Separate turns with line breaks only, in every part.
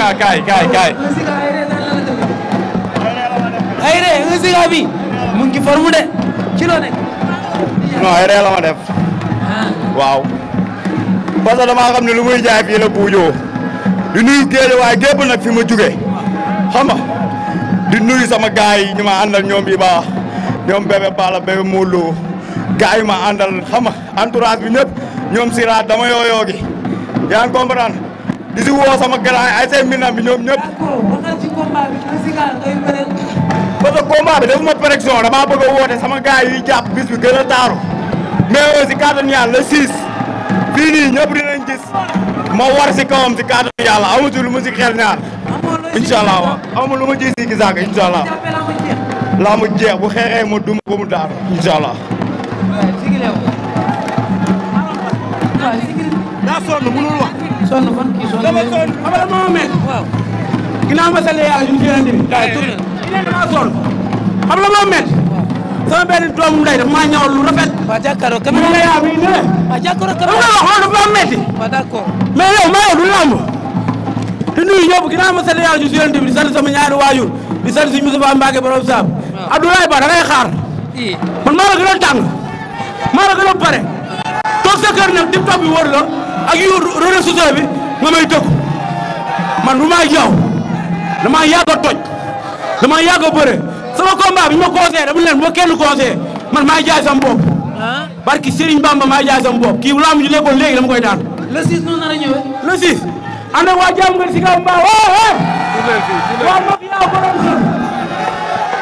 Ziga kaay kaay kaay. ay re un Ziga bi mu ngi forme de
ci loo nekk. non ay la ma def. Ah. waaw. parce que damaa xam lu muy jaay fii la buujoo. di nuyu géej waaye gépp nag fi ma jugee. xam di nuyu sama gaay yi ñu ma àndal ñoom bi ba ñoom bébé Balla bébé Mawlo gaay ma àndal xam nga entourage bi ñëpp ñoom Sira dama yooyoo gi yaa di si woo sama garaay ay say mbir bi ñoom ñëpp. waxal ci combat bi musical ngay bëre. parce damaa bëgg a woote sama gars yuy jàpp bis bi gën a taaru. mais aussi kàttan yàlla la 6. fii ñëpp dinañ gis. ma war si kawam si amu ci lu mu si xel ñaar. incha allah amu lu ma ji si gisaag incha allah. mu jeex bu xeexee ma duma ko mu daaru incha
sonn fan kii sonn dama sonn xam nga moo met waaw ginnaaw ma sale yàlla ñu jëlante bi daay tur ñene dama sonn xam nga moo di sant sama ñaari waajur di sant suñu Moussa Mbacké Ba da ngay xaar man maa la gën a tàng maa la gën a pare toog sa kër nag di wër la ak yu réseaux sociaux bi nga may dëkku man bu maay yow damaa yàgg a toj damaa yàgg a bëre sama combat bi ma conseillé dama leen ba kenn conseillé man maay jaay sama bopp. Ah. barki Serigne Bamba maay jaay sama bopp kii bu laamu ñu nekkoon léegi dama koy daan. le 6 noonu la ñëwee. le 6 waa jàmm nga si kaw mbaa waaw ma fi yaa borom si.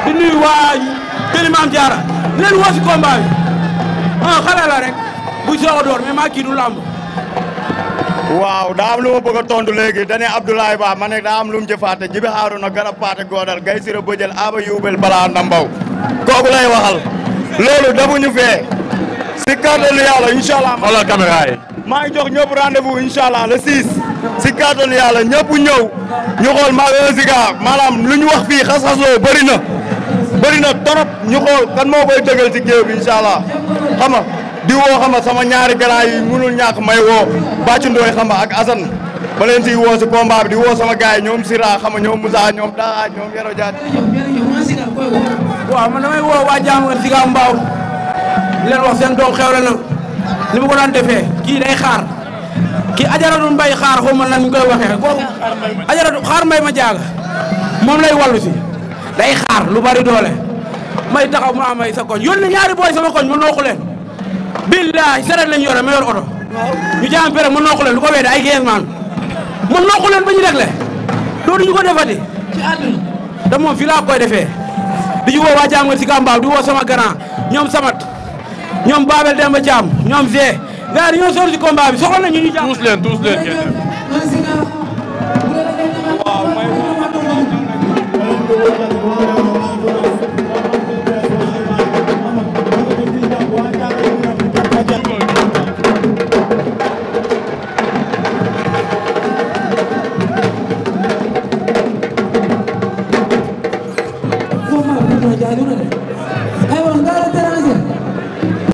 di nuyu waa Jëli Maam Jaara
leen woo si combat bi ah rek bu soog a door mais maa kii du lamb waaw daa lu ma bëgg a tontu léegi dane Abdoulaye Ba ma ne daa am lu mu jëfaate jibi xaaru na garab paate goodal gay sira bëjël aba yuubel balaa na mbaw kooku lay waxal loolu dafuñu fee si kàttanu yàlla incha allah xoolal caméra yi maa ngi jox ñëpp rendez-vous incha allah le 6 si kàttanu ñëpp ñëw ñu xool maga siga maanaam lu ñu wax fii xas-xasloo bëri na bëri na torop ñu xool kan moo koy dëgal si géew bi incha di woo xam nga sama ñaari garaay yi mënul ñàkk may woo Bacca Ndoye xam nga ak Assane ma leen siy woo si combat bi di woo sama gars yi ñoom Sira xam nga ñoom Moussa ñoom Daara ñoom Yero Diagne. waaw man may woo waa Diakhoune Sika
Mbao di leen wax seen doom xewle na li mu ko daan defee kii day xaar kii ajaradu mbay xaar xaw ma nan ñu koy waxee kooku ajaratu xaar mbay ma jaaga moom lay wallu day xaar lu bari doole may taxaw mu amay sa koñ yónni ñaari booy sama koñ ma nooxu billaahi sareet lañ yore ma yor oto. ñu jaam pere ma noqu leen lu ko weede ay 15 man ma noqu ba ñu réglé loolu ñu ko defati. ci àdduna. da moom laa koy defee di ci woo waa jaam nga si Gambaaw di woo sama grand ñoom Samat ñoom Babel Demba Thiam ñoom Zé gars yi ñoo sori si combat bi soxla nañ ñu ñu jàpp.